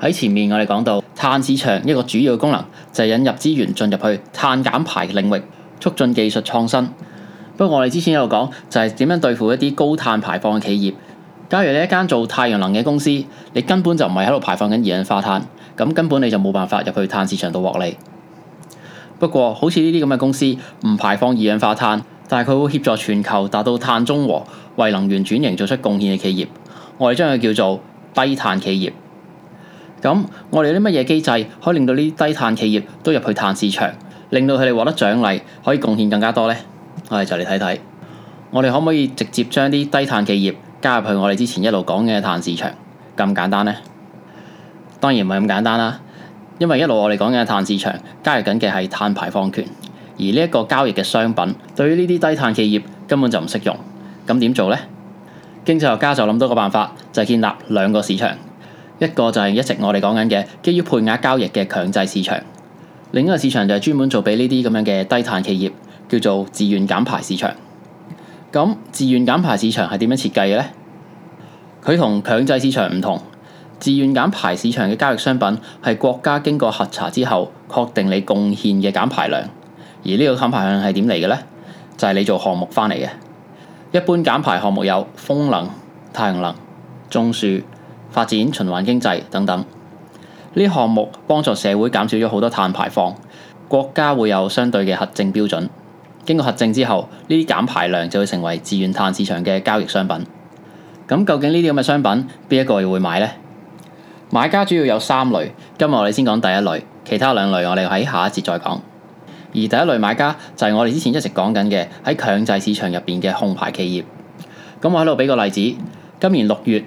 喺前面我哋講到碳市場一個主要功能就係引入資源進入去碳減排領域，促進技術創新。不過我哋之前一路講就係點樣對付一啲高碳排放嘅企業。假如呢一間做太陽能嘅公司，你根本就唔係喺度排放緊二氧化碳，咁根本你就冇辦法入去碳市場度獲利。不過好似呢啲咁嘅公司唔排放二氧化碳，但係佢會協助全球達到碳中和，為能源轉型做出貢獻嘅企業，我哋將佢叫做低碳企業。咁我哋啲乜嘢機制可以令到呢啲低碳企業都入去碳市場，令到佢哋獲得獎勵，可以貢獻更加多呢？我哋就嚟睇睇，我哋可唔可以直接將啲低碳企業加入去我哋之前一路講嘅碳市場咁簡單呢？當然唔係咁簡單啦，因為一路我哋講嘅碳市場加入緊嘅係碳排放權，而呢一個交易嘅商品對於呢啲低碳企業根本就唔適用。咁點做呢？經濟學家就諗到個辦法，就係建立兩個市場。一個就係一直我哋講緊嘅基於配額交易嘅強制市場，另一個市場就係專門做俾呢啲咁樣嘅低碳企業，叫做自願減排市場。咁自願減排市場係點樣設計嘅呢？佢同強制市場唔同，自願減排市場嘅交易商品係國家經過核查之後，確定你貢獻嘅減排量。而呢個減排量係點嚟嘅呢？就係你做項目翻嚟嘅。一般減排項目有風能、太陽能、種樹。發展循環經濟等等，呢個項目幫助社會減少咗好多碳排放，國家會有相對嘅核證標準。經過核證之後，呢啲減排量就會成為自願碳市場嘅交易商品。咁究竟呢啲咁嘅商品邊一個會買呢？買家主要有三類，今日我哋先講第一類，其他兩類我哋喺下一節再講。而第一類買家就係我哋之前一直講緊嘅喺強制市場入邊嘅控排企業。咁我喺度俾個例子，今年六月。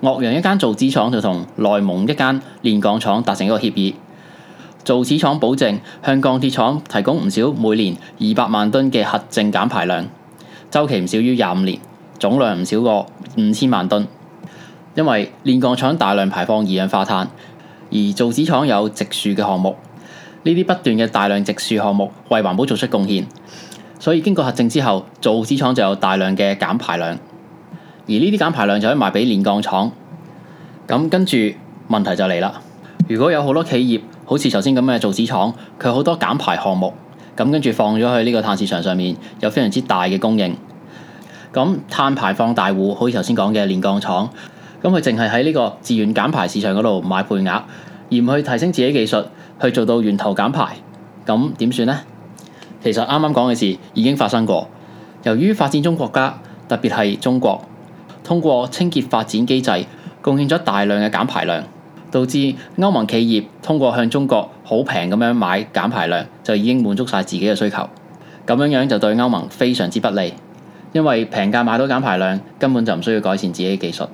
岳陽一間造紙廠就同內蒙一間煉鋼廠達成一個協議，造紙廠保證向鋼鐵廠提供唔少每年二百萬噸嘅核證減排量，週期唔少於廿五年，總量唔少過五千萬噸。因為煉鋼廠大量排放二氧化碳，而造紙廠有植樹嘅項目，呢啲不斷嘅大量植樹項目為環保做出貢獻，所以經過核證之後，造紙廠就有大量嘅減排量。而呢啲減排量就可以賣俾煉鋼廠，咁跟住問題就嚟啦。如果有好多企業好似頭先咁嘅造紙廠，佢好多減排項目，咁跟住放咗去呢個碳市場上面，有非常之大嘅供應。咁碳排放大戶，好似頭先講嘅煉鋼廠，咁佢淨係喺呢個自願減排市場嗰度買配額，而唔去提升自己技術，去做到源頭減排，咁點算呢？其實啱啱講嘅事已經發生過，由於發展中國家，特別係中國。通過清潔發展機制，貢獻咗大量嘅減排量，導致歐盟企業通過向中國好平咁樣買減排量，就已經滿足晒自己嘅需求。咁樣樣就對歐盟非常之不利，因為平價買到減排量根本就唔需要改善自己嘅技術。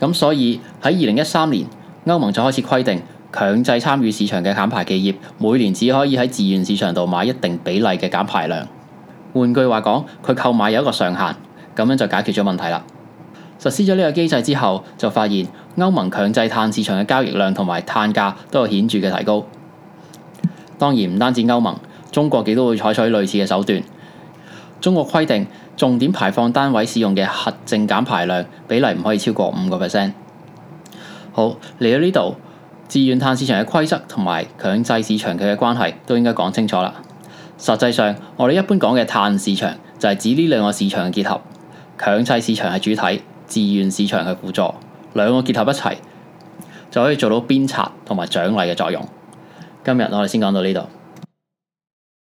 咁所以喺二零一三年，歐盟就開始規定強制參與市場嘅減排企業每年只可以喺自願市場度買一定比例嘅減排量。換句話講，佢購買有一個上限，咁樣就解決咗問題啦。實施咗呢個機制之後，就發現歐盟強制碳市場嘅交易量同埋碳價都有顯著嘅提高。當然唔單止歐盟，中國亦都會採取類似嘅手段。中國規定重點排放單位使用嘅核證減排量比例唔可以超過五個 percent。好，嚟到呢度，自願碳市場嘅規則同埋強制市場佢嘅關係都應該講清楚啦。實際上，我哋一般講嘅碳市場就係指呢兩個市場嘅結合，強制市場係主體。自願市場去輔助，兩個結合一齊，就可以做到鞭策同埋獎勵嘅作用。今日我哋先講到呢度。